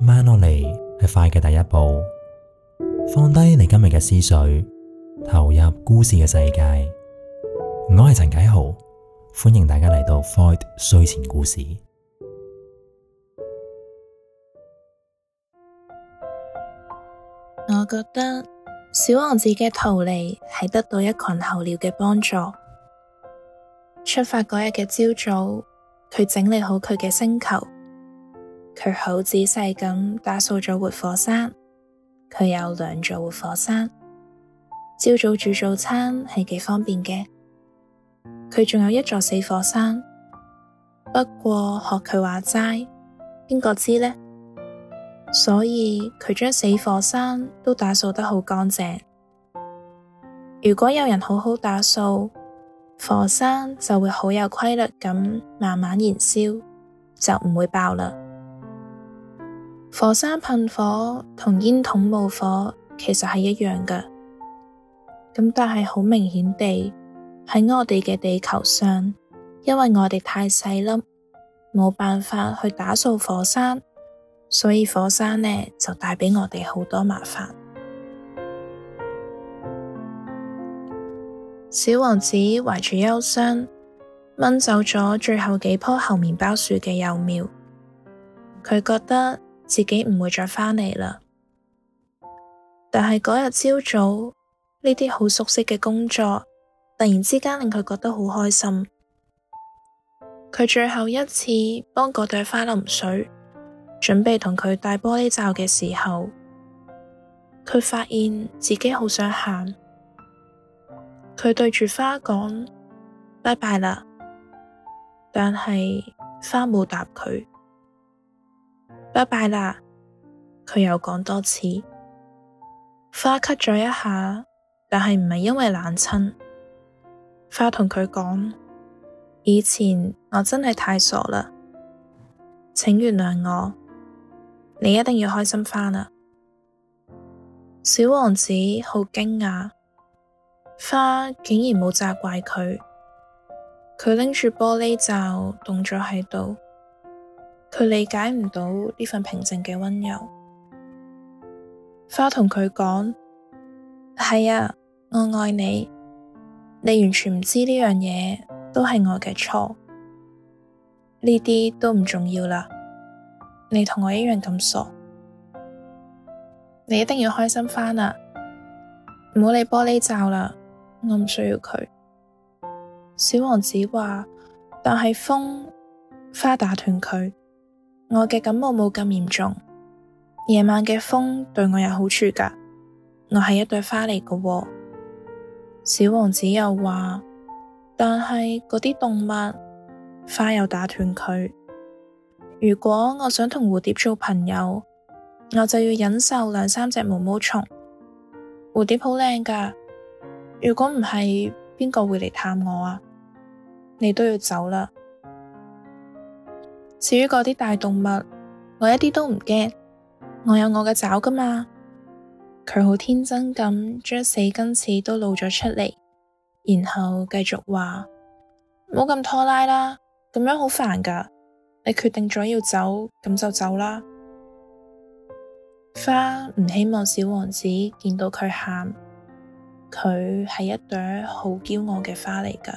慢落嚟係快嘅第一步，放低你今日嘅思緒，投入故事嘅世界。我係陳棨豪，歡迎大家嚟到 Void 睡前故事。我覺得小王子嘅逃離係得到一群候鳥嘅幫助。出發嗰日嘅朝早，佢整理好佢嘅星球。佢好仔細咁打掃咗活火山，佢有兩座活火山，朝早煮早餐係幾方便嘅。佢仲有一座死火山，不過學佢話齋，邊個知呢？所以佢將死火山都打掃得好乾淨。如果有人好好打掃，火山就會好有規律咁慢慢燃燒，就唔會爆啦。.火山噴火同煙筒冒火其實係一樣㗎，咁但係好明顯地喺我哋嘅地球上，因為我哋太細粒，冇辦法去打掃火山，所以火山呢就帶畀我哋好多麻煩。小王子懷住憂傷，掹走咗最後幾棵猴麵包樹嘅幼苗，佢覺得，自己唔會再返嚟啦。但係嗰日朝早，呢啲好熟悉嘅工作，突然之間令佢覺得好開心。佢最後一次幫嗰朵花淋水，準備同佢戴玻璃罩嘅時候，佢發現自己好想喊。佢對住花講：「拜拜啦！」但係花冇答佢。拜拜啦！佢又講多次，花咳咗一下，但係唔係因為冷親。花同佢講：以前我真係太傻啦，請原諒我。你一定要開心返啦！小王子好驚訝，花竟然冇責怪佢，佢拎住玻璃罩凍咗喺度。佢理解唔到呢份平靜嘅溫柔。花同佢講：係啊，我愛你。你完全唔知呢樣嘢都係我嘅錯。呢啲都唔重要啦。你同我一樣咁傻。你一定要開心返啦。唔好理玻璃罩啦，我唔需要佢。小王子話：但係風，花打斷佢。我嘅感冒冇咁嚴重，夜晚嘅風對我有好處噶。我係一朵花嚟噶喎，小王子又話，但係嗰啲動物花又打斷佢。如果我想同蝴蝶做朋友，我就要忍受兩三隻毛毛蟲。蝴蝶好靚噶，如果唔係，邊個會嚟探我啊？你都要走啦。至於嗰啲大動物，我一啲都唔驚，我有我嘅爪噶嘛。佢好天真咁將四根刺都露咗出嚟，然後繼續話：冇咁拖拉啦，咁樣好煩噶。你決定咗要走，咁就走啦。花唔希望小王子見到佢喊，佢係一朵好驕傲嘅花嚟噶。